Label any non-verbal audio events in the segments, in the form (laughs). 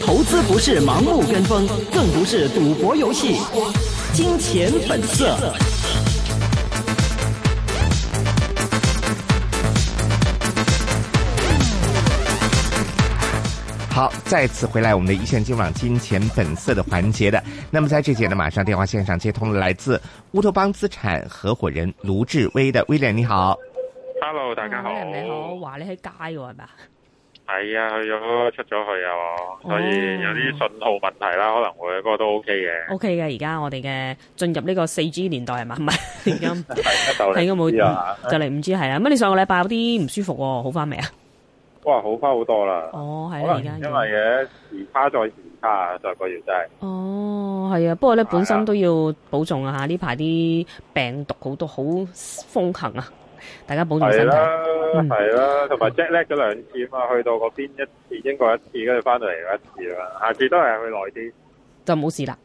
投資不是盲目跟風，更不是賭博遊戲，金錢本色。好，再次回來我們的一線金網金錢本色的環節的，那麼在這節呢，馬上電話線上接通了來自烏托邦資產合夥人盧志威的威廉，你好。Hello，大家好。你好，你係啊，去咗出咗去啊，所以有啲信號問題啦，可能會，不、那、過、個、都 OK 嘅。OK 嘅，而家我哋嘅進入呢個四 G 年代係嘛？唔係 (laughs) 在，係 (laughs) 啊，到嚟、啊嗯，就嚟唔知係啊。乜你 (laughs) 上個禮拜有啲唔舒服喎？好翻未啊？哇，好翻好多啦！哦，係啊，因為嘅時差再時差啊，上個月真、就、係、是。哦，係啊，不過咧、啊、本身都要保重啊吓，呢排啲病毒好多，好風行啊，大家保重身體。係啦，同埋 jet lag 咗兩次嘛，去到嗰邊一次，英國一次，跟住翻到嚟一次啦。下次都係去耐啲，就冇事啦。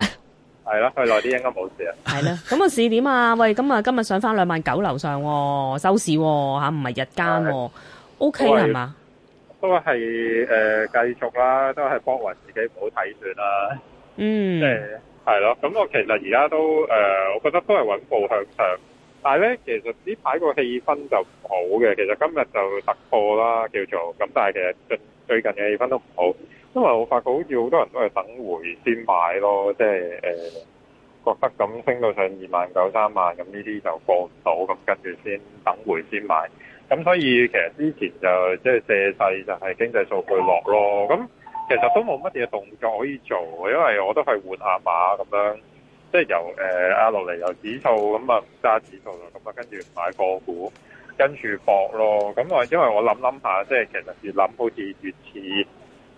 係 (laughs) 咯，去耐啲應該冇事啊。係啦， (laughs) 咁啊市點啊？喂，咁啊今日上翻兩萬九樓上、啊，收市嚇、啊，唔、啊、係日間、啊、對，OK 係嘛？都係誒、呃，繼續啦，都係幫運自己唔好睇算啦。啊、嗯，即係係咯。咁我其實而家都誒、呃，我覺得都係穩步向上。但係咧，其實呢排個氣氛就唔好嘅。其實今日就突破啦，叫做咁，但係其實最最近嘅氣氛都唔好，因為我發覺好似好多人都係等回先買咯，即係、呃、覺得咁升到上二萬九三萬咁呢啲就過唔到，咁跟住先等回先買。咁所以其實之前就即係借勢就係經濟數據落咯。咁其實都冇乜嘢動作可以做，因為我都係換下馬咁樣。即係由誒阿羅嚟由指數，咁啊唔揸指數啦，咁啊跟住買個股，跟住博咯。咁我因為我諗諗下，即係其實越諗好似越似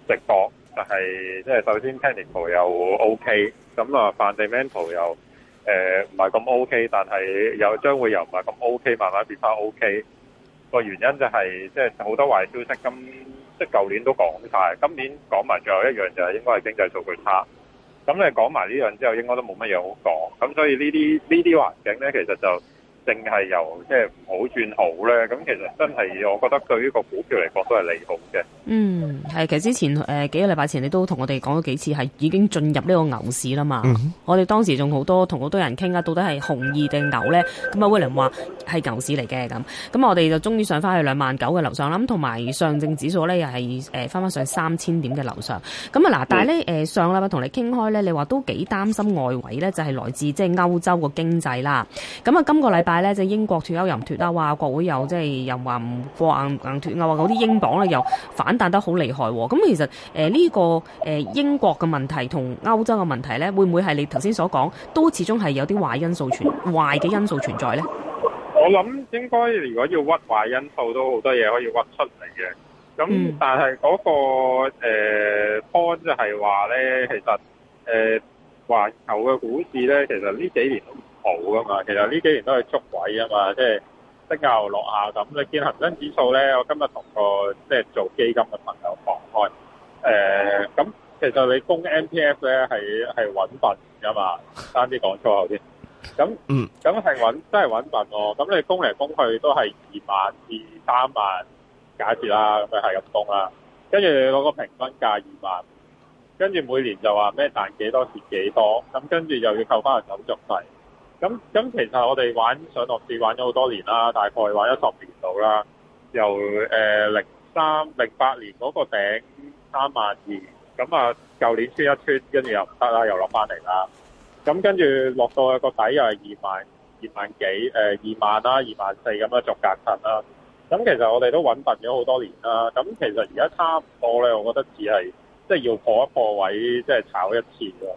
直播，就係即係首先 technical 又 OK，咁啊 fundamental 又誒唔係咁 OK，但係又將會又唔係咁 OK，慢慢變翻 OK。個原因就係即係好多壞消息，今即係舊年都講曬，今年講埋最後一樣就係應該係經濟數據差。咁你講埋呢樣之後，應該都冇乜嘢好講。咁所以呢啲呢啲環境咧，其實就～正係由即係好轉好咧，咁其實真係我覺得對於個股票嚟講都係利好嘅。嗯，係，其實之前誒、呃、幾個禮拜前，你都同我哋講咗幾次係已經進入呢個牛市啦嘛。嗯、我哋當時仲好多同好多人傾啊，到底係熊二定牛咧？咁啊威 i l l 話係牛市嚟嘅咁。咁我哋就終於上翻去兩萬九嘅樓上啦。咁同埋上證指數咧，又係誒翻翻上三千點嘅樓上。咁啊嗱，但係咧誒上禮拜同你傾開咧，你話都幾擔心外圍咧，就係、是、來自即係歐洲個經濟啦。咁啊，今個禮拜。係咧，即係英國脱歐又唔脱啊！話國會又即係又話唔過硬硬脱啊！話嗰啲英鎊咧又反彈得好厲害喎！咁其實誒呢個誒英國嘅問題同歐洲嘅問題咧，會唔會係你頭先所講都始終係有啲壞因素存壞嘅因素存在咧？我諗應該如果要屈壞因素，都好多嘢可以屈出嚟嘅。咁但係嗰個誒波就係話咧，其實誒環球嘅股市咧，其實呢幾年都～好噶嘛？其實呢幾年都係捉鬼啊嘛，即係升又落啊。咁你見恆生指數咧，我今日同個即係做基金嘅朋友講開，誒咁其實你供 MPF 咧係係穩份噶嘛？單啲講粗口啲。咁嗯，咁係穩真係穩份喎。咁你供嚟供去都係二萬至三萬，假設啦，咪係咁供啦，跟住你嗰個平均價二萬，跟住每年就話咩賺幾多蝕幾多，咁跟住又要扣翻個手續費。咁咁，其實我哋玩上落市玩咗好多年啦，大概玩咗十年度啦。由誒零三零八年嗰個頂三萬二，咁啊舊年穿一穿，跟住又唔得啦，又落翻嚟啦。咁跟住落到個底又係二萬二萬幾誒二萬啦，二萬四咁樣逐格褪啦。咁其實我哋都搵笨咗好多年啦。咁其實而家差唔多咧，我覺得只係即係要破一破位，即係炒一次啫。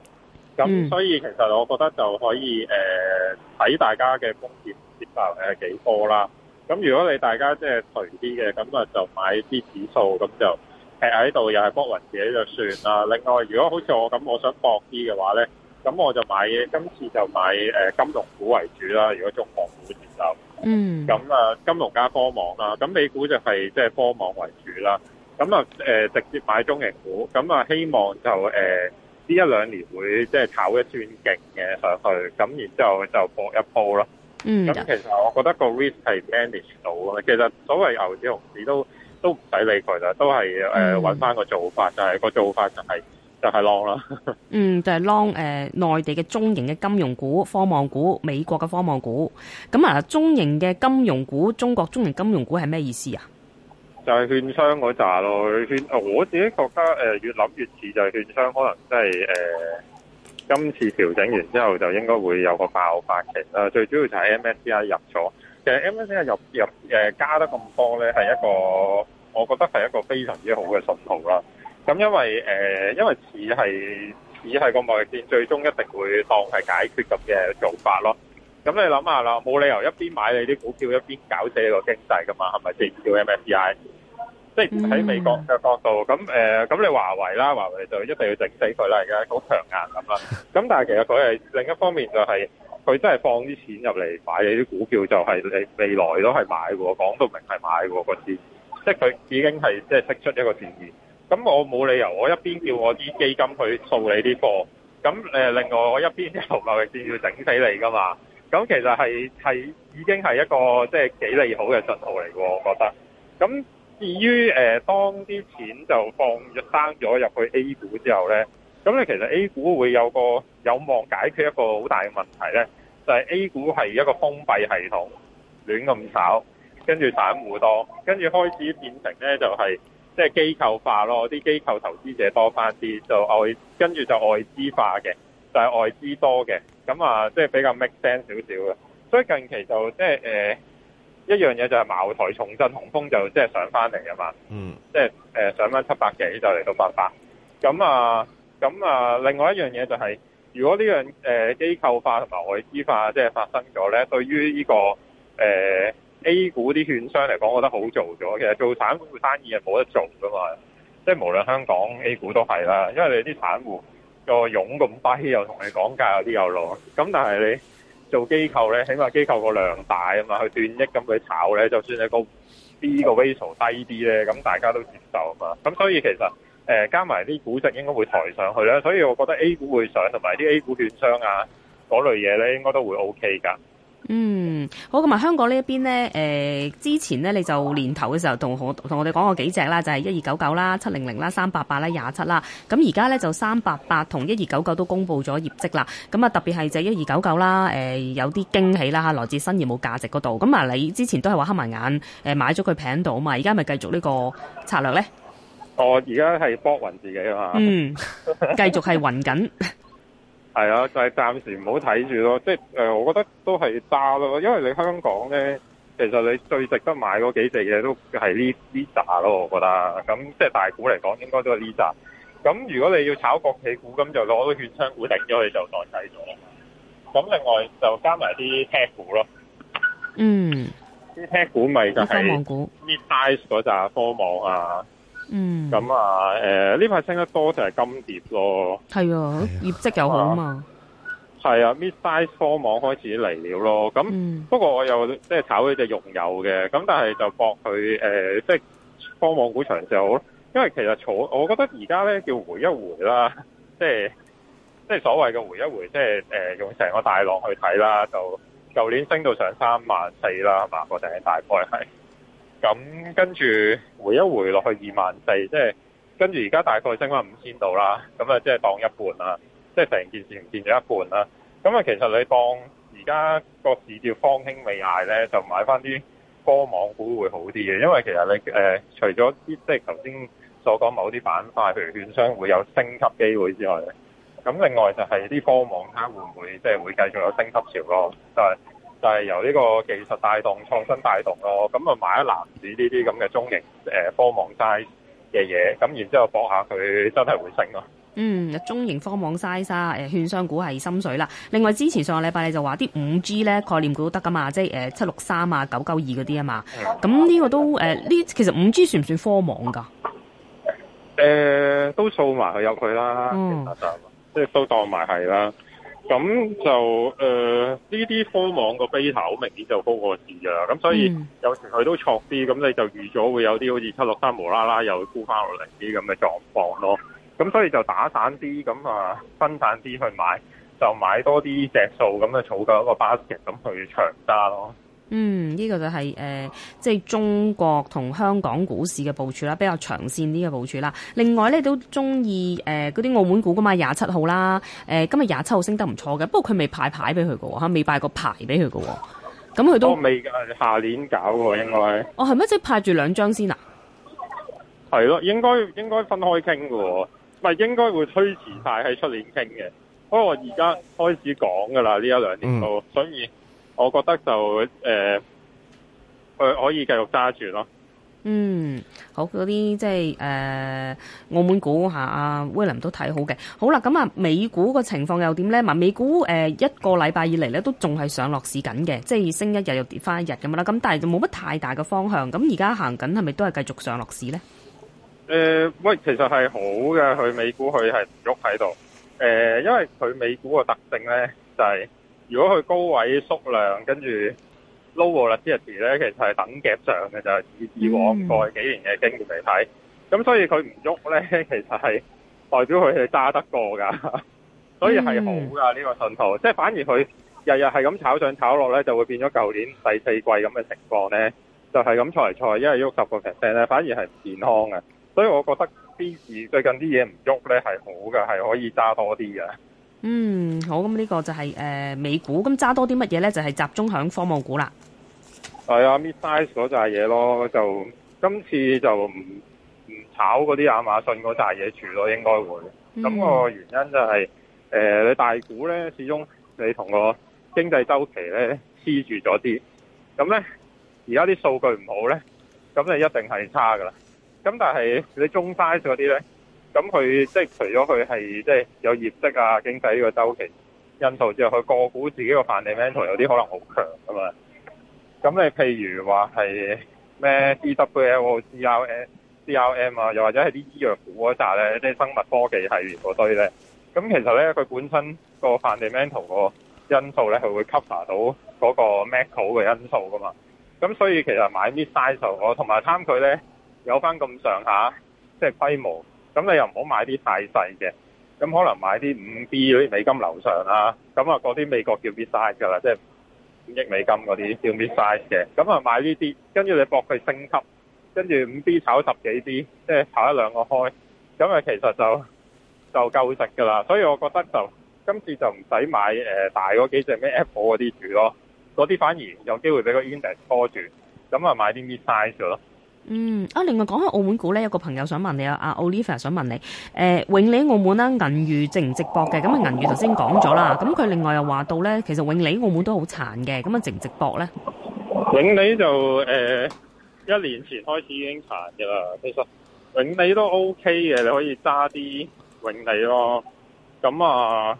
咁所以其實我覺得就可以誒睇，嗯、大家嘅風險接受誒幾多啦。咁如果你大家即係賠啲嘅，咁啊就買啲指數，咁就劈喺度又係 book 雲自己就算啦。另外，如果好似我咁，我想搏啲嘅話咧，咁我就買今次就買金融股為主啦。如果中行股就嗯、咁啊，金融加科網啦。咁美股就係即係科網為主啦。咁啊直接買中型股，咁啊希望就誒。呃呢一兩年會即係炒一轉勁嘅上去，咁然之後就搏一波咯。嗯，咁其實我覺得個 risk 係 manage 到嘅。其實所謂牛市熊市都都唔使理佢啦，都係誒揾翻個做法，嗯、就係個做法就係、是、就係 long 嗯，就係 long 誒、uh，內地嘅中型嘅金融股、科網股、美國嘅科網股。咁啊，中型嘅金融股，中國中型金融股係咩意思啊？就係券商嗰扎咯，券我自己覺得、呃、越諗越似就係券商，可能真係誒今次調整完之後，就應該會有個爆發期。最主要就係 MSCI 入咗，其實 MSCI 入入加得咁多咧，係一個我覺得係一個非常之好嘅信號啦。咁因為誒、呃、因為似係似係個磨合線，最終一定會當係解決咁嘅做法咯。咁你諗下啦，冇理由一邊買你啲股票一邊搞死你個經濟噶嘛，係咪先？叫 MSCI，即係喺美國嘅角度，咁誒，咁、呃、你華為啦，華為就一定要整死佢啦，而家好強硬咁啦。咁但係其實佢係另一方面就係、是、佢真係放啲錢入嚟買你啲股票，就係、是、你未來都係買喎，講到明係買喎個字，即係佢已經係釋出一個善意。咁我冇理由，我一邊叫我啲基金去掃你啲貨，咁、呃、另外我一邊又咪有貿易戰要整死你噶嘛？咁其實係係已經係一個即係幾利好嘅信號嚟喎。我覺得。咁至於誒、呃，當啲錢就放生咗入去 A 股之後咧，咁你其實 A 股會有個有望解決一個好大嘅問題咧，就係、是、A 股係一個封閉系統，亂咁炒，跟住散戶多，跟住開始變成咧就係即係機構化咯，啲機構投資者多翻啲，就外跟住就外資化嘅。就係外資多嘅，咁啊，即係比較 make sense 少少嘅，所以近期就即係誒一樣嘢就係茅台重振雄風就即係上翻嚟啊嘛，嗯，即係誒上翻七百幾就嚟到八百，咁啊，咁啊，另外一樣嘢就係，如果呢樣誒機構化同埋外資化即係發生咗咧，對於呢個誒 A 股啲券商嚟講，我覺得好做咗，其實做散戶生意係冇得做噶嘛，即係無論香港 A 股都係啦，因為你啲散戶。個佣咁低，又同你講價有啲有落，咁但係你做機構咧，起碼機構個量大啊嘛，去斷億咁佢炒咧，就算你高啲個 vessel 低啲咧，咁大家都接受啊嘛。咁所以其實誒、呃、加埋啲股息應該會抬上去啦，所以我覺得 A 股會上同埋啲 A 股券商啊嗰類嘢咧，應該都會 O K 噶。嗯，好，咁啊，香港呢一邊呢，誒，之前呢，你就年頭嘅時候同我同我哋講過幾隻啦，就係一二九九啦、七零零啦、三八八啦、廿七啦。咁而家呢，就三八八同一二九九都公布咗業績啦。咁啊，特別係就一二九九啦，誒，有啲驚喜啦吓，來自新業務價值嗰度。咁啊，你之前都係話黑埋眼，誒，買咗佢平到嘛？而家咪繼續呢個策略呢？哦，而家係搏暈自己嘛？ (laughs) 嗯，繼續係暈緊。係啊，就係、是、暫時唔好睇住咯，即係誒、呃，我覺得都係渣咯，因為你香港咧，其實你最值得買嗰幾隻嘢都係呢呢渣咯，我覺得，咁即係大股嚟講，應該都係呢渣。咁如果你要炒國企股，咁就攞到券商股定咗，你就代替咗。咁另外就加埋啲 tech 股咯。嗯。啲 tech 股咪就係科網股。呢 size 嗰扎科網啊。嗯，咁啊，誒，呢排升得多就係金蝶咯，係業績又好啊，係啊，啊，mid size 科網開始嚟了咯，咁、嗯、不過我又即係炒呢隻肉油嘅，咁但係就搏佢誒，即係科網股場就好咯，因為其實坐，我覺得而家咧叫回一回啦，即係即係所謂嘅回一回，即係誒、呃、用成個大浪去睇啦，就舊年升到上三萬四啦，係嘛，個成個大概係。咁跟住回一回落去二萬四，即係跟住而家大概升翻五千度啦，咁啊即係當一半啦，即係成件事情變咗一半啦。咁啊，其實你當而家個市調方興未艾咧，就買翻啲科網股會好啲嘅，因為其實你、呃、除咗啲即係頭先所講某啲板塊，譬如券商會有升級機會之外咧，咁另外就係啲科網卡會唔會即係、就是、會繼續有升級潮咯？就係就係由呢個技術帶動、創新帶動咯，咁啊買一籃子呢啲咁嘅中型誒科網 size 嘅嘢，咁然之後搏下佢真係會升咯。嗯，中型科網 size 誒、啊，券商股係心水啦。另外，之前上個禮拜你就話啲五 G 咧概念股都得噶嘛，即係誒七六三啊、九九二嗰啲啊嘛。咁呢、嗯、個都誒呢、呃，其實五 G 算唔算科網噶？誒、嗯，都數埋佢入去啦，其實就即係都當埋係啦。咁就誒呢啲科網個 b 頭好明顯就高過市㗎啦，咁所以有時佢都錯啲，咁你就預咗會有啲好似七六三無啦啦又沽翻落嚟啲咁嘅狀況咯。咁所以就打散啲，咁啊分散啲去買，就買多啲隻數，咁啊儲夠一個 basket 咁去長揸咯。嗯，呢、這個就係、是、誒、呃，即係中國同香港股市嘅部署啦，比較長線啲嘅部署啦。另外咧都中意誒嗰啲澳門股噶嘛，廿七號啦，誒、呃、今日廿七號升得唔錯嘅，不過佢未派牌俾佢嘅吓，未、啊、派個牌俾佢嘅。咁佢都未下年搞嘅應該是。我係咪即係派住兩張先啊？係咯，應該應該分開傾嘅，咪應該會推遲派喺出年傾嘅。不過我而家開始講噶啦，呢一兩年都、嗯、所以。我覺得就誒、呃呃、可以繼續揸住咯。嗯，好嗰啲即係誒澳門股嚇，阿、啊、William 都睇好嘅。好啦，咁啊，美股個情況又點咧？嗱美股誒、呃、一個禮拜以嚟咧，都仲係上落市緊嘅，即係升一日又跌翻一日咁樣啦。咁但係就冇乜太大嘅方向。咁而家行緊係咪都係繼續上落市咧、呃？喂，其實係好嘅，佢美股佢係唔喐喺度。誒、呃，因為佢美股個特性咧，就係、是。如果佢高位縮量，跟住 lower 啦，啲日子咧，其實係等夾上嘅就係以以往過去幾年嘅經驗嚟睇，咁所以佢唔喐咧，其實係代表佢係揸得過噶，所以係好噶呢個信號。即係、mm hmm. 反而佢日日係咁炒上炒落咧，就會變咗舊年第四季咁嘅情況咧，就係咁才才，一係喐十個 percent 咧，反而係唔健康嘅。所以我覺得啲事最近啲嘢唔喐咧係好㗎，係可以揸多啲嘅。嗯，好，咁呢個就係誒美股，咁揸多啲乜嘢咧？就係、是、集中響科網股啦、嗯。係啊，mid size 嗰扎嘢咯，就今次就唔唔炒嗰啲亞馬遜嗰扎嘢住咯，應該會。咁、那個原因就係、是、誒、呃，你大股咧，始終你同個經濟周期咧黐住咗啲，咁咧而家啲數據唔好咧，咁你一定係差噶啦。咁但係你中 size 嗰啲咧？咁佢即係除咗佢係即係有業績啊，經濟呢個周期，因素之外，佢個股自己個 fundamental 有啲可能好強噶嘛。咁你譬如話係咩 DWL 或 C.R.M. C.R.M. 啊，又或者係啲醫藥股嗰扎咧，啲生物科技係嗰堆咧。咁其實咧，佢本身個 fundamental 個因素咧，佢會 cover 到嗰個 macro 嘅因素噶嘛。咁所以其實買啲 size 我同埋貪佢咧有翻咁上下即係規模。咁你又唔好買啲太細嘅，咁可能買啲五 B 嗰啲美金樓上啦、啊，咁啊嗰啲美國叫 mid size 噶啦，即係五億美金嗰啲叫 mid size 嘅，咁啊買呢啲，跟住你搏佢升級，跟住五 B 炒十幾 B，即係炒一兩個開，咁啊其實就就夠食噶啦，所以我覺得就今次就唔使買誒大嗰幾隻咩 Apple 嗰啲住咯，嗰啲反而有機會俾個 index 拖住，咁啊買啲 mid size 咯。嗯，啊，另外講開澳門股咧，有個朋友想問你啊，阿 Oliver 想問你，誒、欸、永利澳門啦、啊，銀娛值唔值博嘅？咁啊銀娛頭先講咗啦，咁佢另外又話到咧，其實永利澳門都好殘嘅，咁啊值唔值博咧，永利就誒、呃、一年前開始已經殘嘅啦，其實永利都 OK 嘅，你可以揸啲永利咯，咁啊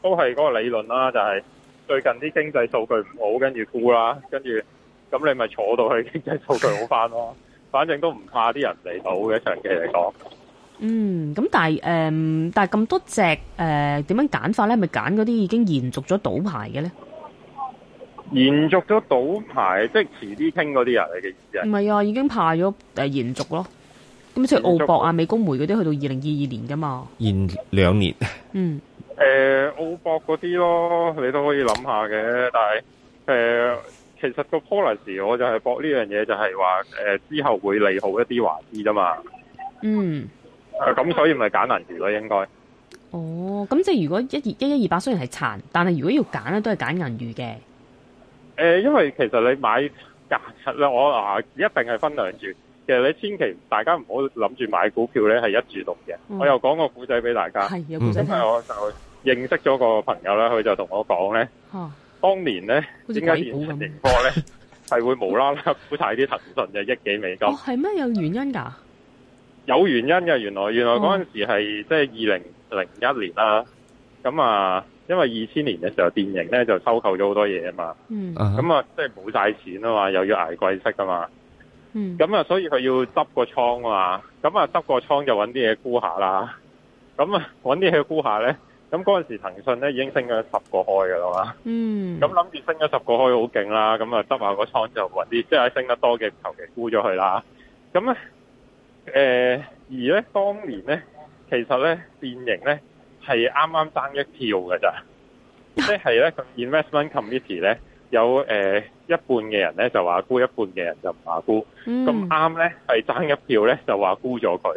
都係嗰個理論啦，就係、是、最近啲經濟數據唔好，跟住沽啦，跟住咁你咪坐到去經濟數據好翻咯。 (laughs) 反正都唔怕啲人嚟到嘅，長期嚟講。嗯，咁但係誒，但係咁多隻誒點樣揀法咧？係咪揀嗰啲已經延續咗賭牌嘅咧？延續咗賭牌，即係遲啲傾嗰啲人嚟嘅意思。唔係啊，已經派咗誒延續咯。咁即係澳博啊、美高梅嗰啲，去到二零二二年㗎嘛。延兩年。嗯。誒，澳博嗰啲咯，你都可以諗下嘅，但係誒。其實個 policy 我就係搏呢樣嘢，就係話誒之後會利好一啲華資啫嘛。嗯。咁、呃、所以咪揀銀娛咯，應該。哦，咁即係如果一二一一二八雖然係殘，但係如果要揀咧，都係揀銀娛嘅。誒、呃，因為其實你買價值咧，我啊一定係分兩注。其實你千祈大家唔好諗住買股票咧係一注動嘅。嗯、我又講個故仔俾大家。係有故仔。嗯、我就認識咗個朋友啦，佢就同我講咧。當年咧，點解騰訊跌波咧，係會無啦啦沽晒啲騰訊嘅億幾美金？哦，係咩有原因噶？有原因嘅，原來原來嗰陣時係即係二零零一年啦。咁啊，哦，因為二千年嘅時候，電影咧就收購咗好多嘢啊嘛。嗯。咁啊，即係冇晒錢啊嘛，又要挨貴息啊嘛。嗯。咁啊，所以佢要執個倉啊嘛。咁啊，執個倉就揾啲嘢沽下啦。咁啊，揾啲嘢沽下咧。咁嗰陣時，騰訊咧已經升咗十個開㗎啦，嘛，嗯。咁諗住升咗十個開好勁啦，咁啊執下個倉就揾啲，即係升得多嘅，求其沽咗佢啦。咁咧、呃，而咧當年咧，其實咧變形咧係啱啱爭一票㗎咋，即、就、係、是、咧個 investment committee 咧有一半嘅人咧就話沽，一半嘅人，人就唔話沽。咁啱咧係爭一票咧就話沽咗佢。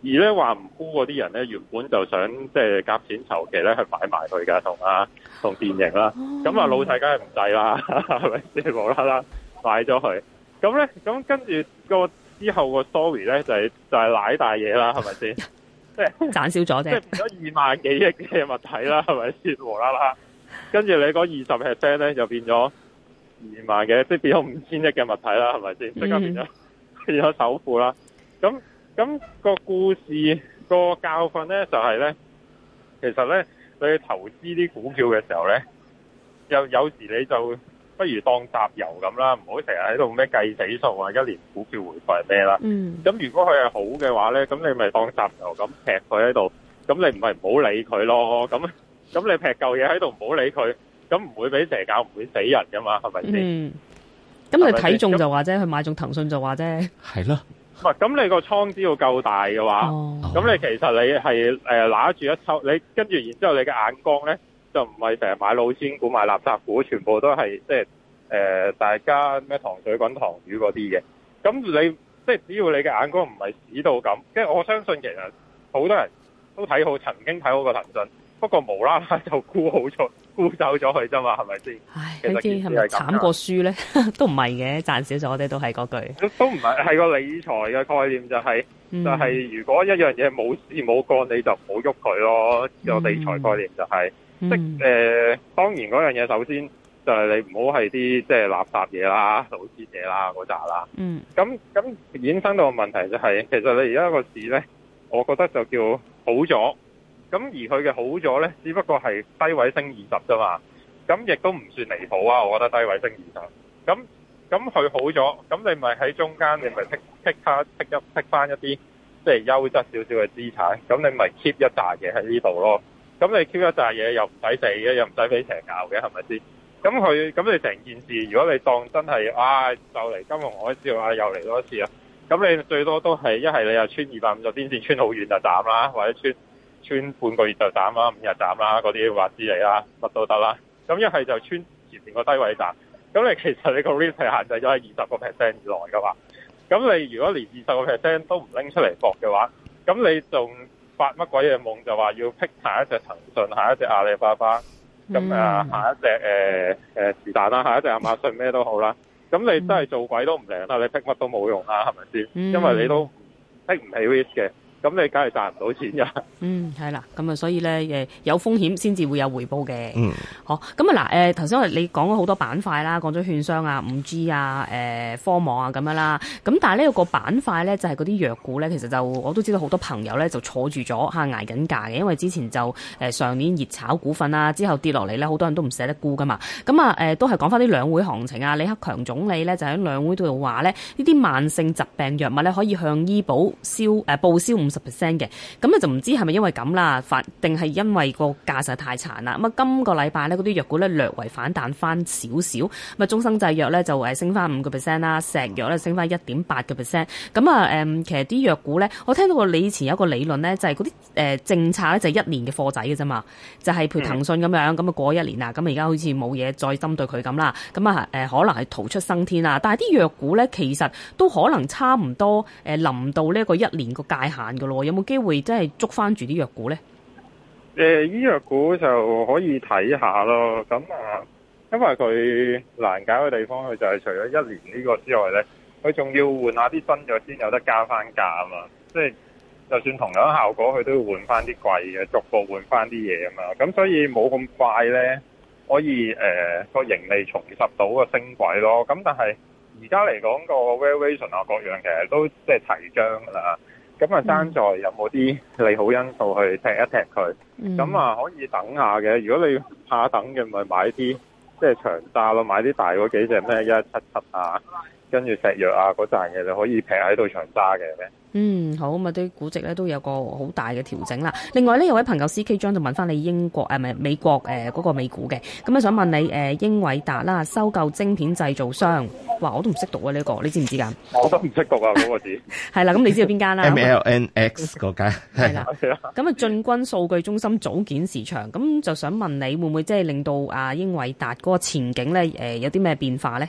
而咧話唔沽嗰啲人咧，原本就想即係夾錢籌期咧，去買埋佢噶，同啊同電影啦。咁啊、oh. 老細梗係唔制啦，係咪先？無啦啦買咗佢？咁咧，咁跟住個之後個 story 咧，就係、是、就係、是、賴大嘢啦，係咪先？即係賺少咗啫，即係變咗二萬幾億嘅物體啦，係咪先？無啦啦， (laughs) 跟住你講二十 percent 咧，就變咗二萬幾，即、就、係、是、變咗五千億嘅物體啦，係咪先？即刻變咗、mm hmm. (laughs) 變咗首富啦，咁。個故事、個教訓咧就係咧，其實咧你去投資啲股票嘅時候咧，有有時你就不如當集郵咁啦，唔好成日喺度咩計死數啊，一年股票回報係咩啦？嗯，咁如果佢係好嘅話咧，咁你咪當集郵咁劈佢喺度，咁你唔係唔好理佢咯，咁咁你劈嚿嘢喺度唔好理佢，咁唔會俾蛇搞唔會死人噶嘛，係咪先？嗯，咁你睇中就話啫，佢吧、嗯、買中騰訊就話啫，係咯。咁、嗯、你個倉只要夠大嘅話，咁你其實你係誒揦住一抽，你跟住然之後你嘅眼光呢，就唔係成日買老千股、買垃圾股，全部都係即係大家咩糖水滾糖魚嗰啲嘅。咁你即係只要你嘅眼光唔係屎到咁，跟住我相信其實好多人都睇好，曾經睇好過騰訊，不過無啦啦就沽好咗。沽走咗佢啫嘛，係咪先？唉，嗰啲係咪慘過輸咧？ (laughs) 都唔係嘅，賺少咗，我哋都係嗰句。都唔係，係個理財嘅概念就係、是，嗯、就係如果一樣嘢冇事冇幹，你就唔好喐佢咯。有理財概念就係、是，嗯、即係當、嗯呃、當然嗰樣嘢首先就係你唔好係啲即係垃圾嘢啦、老鮮嘢啦嗰扎啦。啦嗯。咁咁衍生到個問題就係、是，其實你而家個市咧，我覺得就叫好咗。咁而佢嘅好咗呢，只不過係低位升二十啫嘛，咁亦都唔算離譜啊！我覺得低位升二十，咁咁佢好咗，咁你咪喺中間，你咪剔剔卡剔一剔翻一啲即係優質少少嘅資產，咁你咪 keep 一扎嘢喺呢度咯。咁你 keep 一扎嘢又唔使死嘅，又唔使俾邪教嘅，係咪先？咁佢咁你成件事，如果你當真係啊，就嚟金融海嘯啊，又嚟多一次啊，咁你最多都係一係你又穿二百五十天線穿好遠就斬啦，或者穿。穿半個月就斬啦，五日斬啦，嗰啲話之嚟啦，乜都得啦。咁一係就穿前面個低位斬。咁你其實你個 risk 係限制咗喺二十個 percent 以內嘅嘛。咁你如果連二十個 percent 都唔拎出嚟搏嘅話，咁你仲發乜鬼嘢夢就話要 pick 下一隻騰訊，下一隻阿里巴巴，咁啊、嗯呃呃，下一隻誒誒是但啦，下一隻亞馬遜咩都好啦。咁你真係做鬼都唔靈啦！你 pick 乜都冇用啦，係咪先？嗯、因為你都 pick 唔起 risk 嘅。咁你梗係賺唔到錢㗎？嗯，係啦，咁啊，所以咧誒有風險先至會有回報嘅。嗯，好，咁啊嗱誒，頭先我哋你講咗好多板塊啦，講咗券商啊、五 G 啊、誒科網啊咁樣啦。咁但係呢個板塊咧就係嗰啲藥股咧，其實就我都知道好多朋友咧就坐住咗吓捱緊價嘅，因為之前就誒上年熱炒股份啊，之後跌落嚟咧，好多人都唔捨得沽㗎嘛。咁啊誒都係講返啲兩會行情啊，李克強總理咧就喺兩會度話咧，呢啲慢性疾病藥物咧可以向醫保銷誒報銷。五十 percent 嘅，咁就唔知係咪因為咁啦，反定係因為個價實太殘啦。咁啊，今個禮拜呢，嗰啲藥股咧略為反彈翻少少，咁啊，中生製藥咧就誒升翻五個 percent 啦，石藥咧升翻一點八個 percent。咁啊，誒、嗯，其實啲藥股咧，我聽到過你以前有一個理論咧，就係嗰啲誒政策咧就係一年嘅貨仔嘅啫嘛，就係譬如騰訊咁樣，咁啊、嗯、過一年啦，咁啊而家好似冇嘢再針對佢咁啦，咁啊誒可能係逃出生天啦。但係啲藥股咧其實都可能差唔多誒臨到呢個一年個界限。有冇機會真係捉翻住啲藥股呢？誒，醫藥股就可以睇下咯。咁啊，因為佢難搞嘅地方，佢就係除咗一年呢個之外呢，佢仲要換下啲新藥先有得加翻價啊嘛。即係就算同樣效果，佢都要換翻啲貴嘅，逐步換翻啲嘢啊嘛。咁所以冇咁快呢，可以誒個、呃、盈利重拾到個升軌咯。咁但係而家嚟講個 valuation 啊，各樣其實都即係提張噶啦。咁啊，爭在有冇啲利好因素去踢一踢佢？咁啊，可以等下嘅。如果你怕等嘅，咪買啲即係長揸咯，買啲大嗰幾隻咩一一七七啊，跟住石藥啊嗰陣嘅，就可以平喺度長揸嘅。嗯，好，咁啊啲估值咧都有個好大嘅調整啦。另外呢，有位朋友 C K 張就問翻你英國誒，唔、啊、美國誒，嗰、啊嗰個美股嘅。咁咧想問你誒、啊，英偉達啦，收購晶片製造商，哇，我都唔識讀啊呢、呢個，你知唔知噶？我都唔識讀啊嗰、嗰個字。係啦， (laughs) 咁你知道邊間啦？MLNX 嗰間。係啦 (laughs) 。咁啊，進軍數據中心組件市場，咁就想問你會唔會即係令到啊英偉達嗰個前景咧誒、啊、有啲咩變化咧？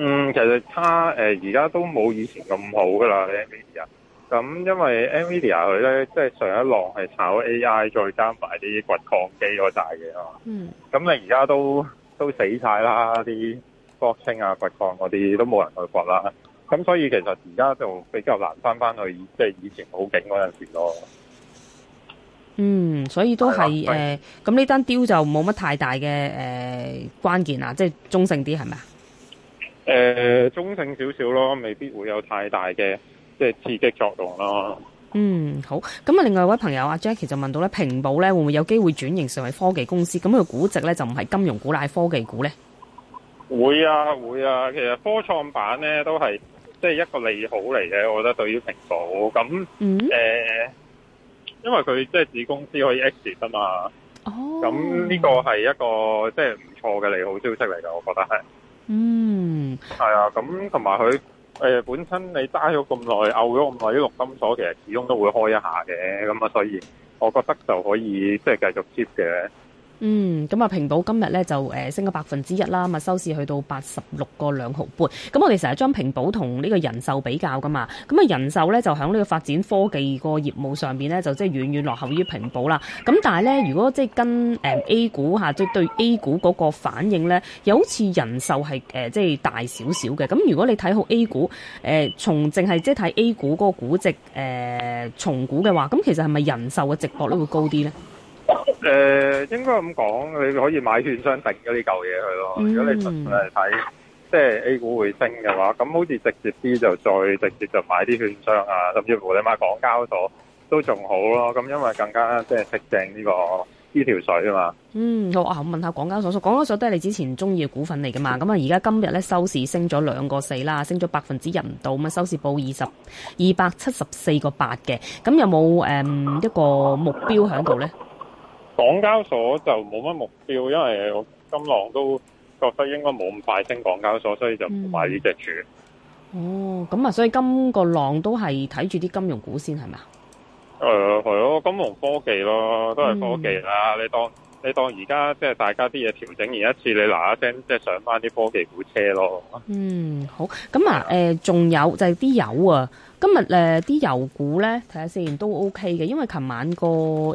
嗯，其實差誒，而、呃、家都冇以前咁好噶啦。NVIDIA 咁，因為 NVIDIA 佢咧，即係上一浪係炒 AI 再加埋啲掘礦機嗰陣嘅啊。嗯，咁你而家都都死晒啦，啲國青啊、掘礦嗰啲都冇人去掘啦。咁所以其實而家就比較難翻翻去，即係以前好景嗰陣時咯。嗯，所以都係誒，咁呢單雕就冇乜太大嘅誒、呃、關鍵啊，即係中性啲係咪啊？是誒、呃，中性少少咯，未必會有太大嘅即係刺激作用咯。嗯，好。咁啊，另外一位朋友阿 Jacky 就問到咧，平保咧會唔會有機會轉型成為科技公司？咁佢估值咧就唔係金融股，係科技股咧？會啊，會啊。其實科創板咧都係即係一個利好嚟嘅，我覺得對於平保，咁誒、嗯呃，因為佢即係子公司可以 exit 啊嘛。哦。咁呢個係一個即係唔錯嘅利好消息嚟嘅，我覺得係。嗯。係啊，咁同埋佢誒，本身你揸咗咁耐，拗咗咁耐啲綠金鎖，其實始終都會開一下嘅，咁啊，所以我覺得就可以即係繼續接嘅。嗯，咁啊，平保今日咧就誒升咗百分之一啦，收市去到八十六個兩毫半。咁我哋成日將平保同呢個人壽比較噶嘛，咁啊人壽咧就響呢個發展科技個業務上邊咧就即係遠遠落後於平保啦。咁但係咧如果即係跟誒 A 股吓，即係對 A 股嗰個反應咧，又好似人壽係誒即係大少少嘅。咁如果你睇好 A 股，誒從淨係即係睇 A 股嗰個估值誒重、呃、估嘅話，咁其實係咪人壽嘅值博率會高啲咧？誒、呃，應該咁講，你可以買券商定咗呢舊嘢去咯。如果你純粹嚟睇即係 A 股會升嘅話，咁好似直接啲就再直接就買啲券商啊，甚至乎你買港交所都仲好咯。咁因為更加即係食正呢、這個呢條水啊嘛。嗯，好啊，我問下港交所，港交所都係你之前中意嘅股份嚟噶嘛？咁啊，而家今日咧收市升咗兩個四啦，升咗百分之一唔到，咁啊收市報二十二百七十四個八嘅。咁有冇誒、嗯、一個目標喺度咧？港交所就冇乜目標，因為我金浪都覺得應該冇咁快升港交所，所以就唔買呢隻住。哦，咁啊，所以今個浪都係睇住啲金融股先係咪？誒係咯，金融科技咯，都係科技啦。你當你當而家即係大家啲嘢調整完一次，你嗱一聲即係上翻啲科技股車咯。嗯，好。咁啊，呃，仲有就係啲油啊。今日誒啲油股咧，睇下先都 OK 嘅，因為琴晚個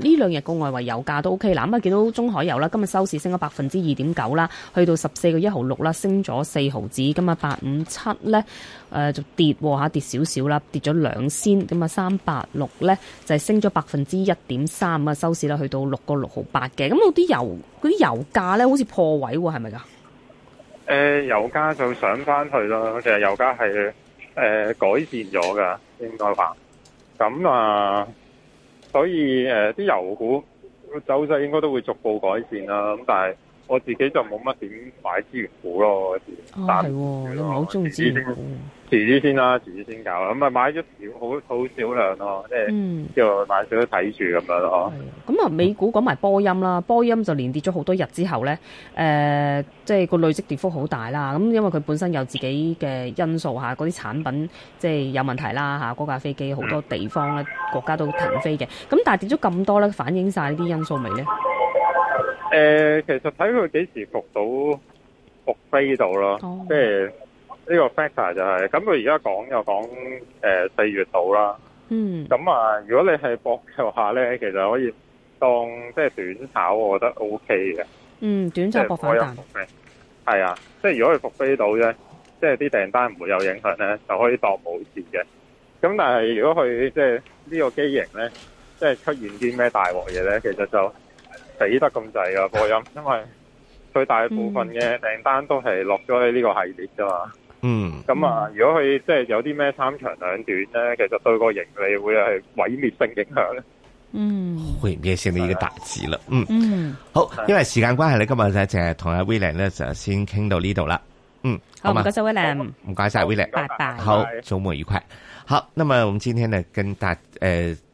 呢兩日個外圍油價都 OK 啦。嗱，咁啊見到中海油啦，今日收市升咗百分之二點九啦，去到十四個一毫六啦，升咗四毫子。咁啊八五七咧誒就跌下跌少少啦，跌咗兩仙。咁啊三八六咧就係、升咗百分之一點三啊，收市啦去到六個六毫八嘅。咁我啲油嗰啲油價咧好似破位喎，係咪噶？誒油價就上翻去啦，其實油價係。誒、呃，改善咗噶，應該話，咁啊，所以誒，啲、呃、油股走勢應該都會逐步改善啦，咁但係。我自己就冇乜點買資源股咯，啊、但係唔好中意，遲啲先啦，遲啲先搞，咁咪、嗯、買咗少，好好少量咯，即、就、係、是、的嗯，就買少睇住咁樣咯。咁啊，美股講埋波音啦，波音就連跌咗好多日之後咧，誒、呃，即、就、係、是、個累積跌幅好大啦。咁因為佢本身有自己嘅因素吓，嗰啲產品即係、就是、有問題啦吓，嗰架飛機好多地方咧，嗯、國家都停飛嘅。咁但係跌咗咁多咧，反映晒呢啲因素未咧？誒、呃，其實睇佢幾時復到復飛到咯，即係呢個 factor 就係。咁佢而家講又講誒四月到啦。嗯、oh. 就是。咁、呃 hmm. 啊，如果你係搏嘅話咧，其實可以當即係短炒，我覺得 O K 嘅。嗯，短炒搏反彈。係啊，即係如果佢復飛到咧，即係啲訂單唔會有影響咧，就可以當冇事嘅。咁但係如果佢即係呢個機型咧，即係出現啲咩大鑊嘢咧，其實就～死得咁滯啊！波音，因為最大部分嘅訂單都係落咗喺呢個系列噶嘛。嗯。咁啊，如果佢即係有啲咩三長兩短咧，其實對個盈利會係毀滅性影響咧。嗯，毀滅性的一個打擊啦。嗯。嗯。好，的因為時間關係咧，今日就係同阿 Willie 咧就先傾到呢度啦。嗯，好，唔該晒 Willie 唔該晒 Willie 拜拜。好，週末愉快。好，那麼我們今天呢跟大誒。呃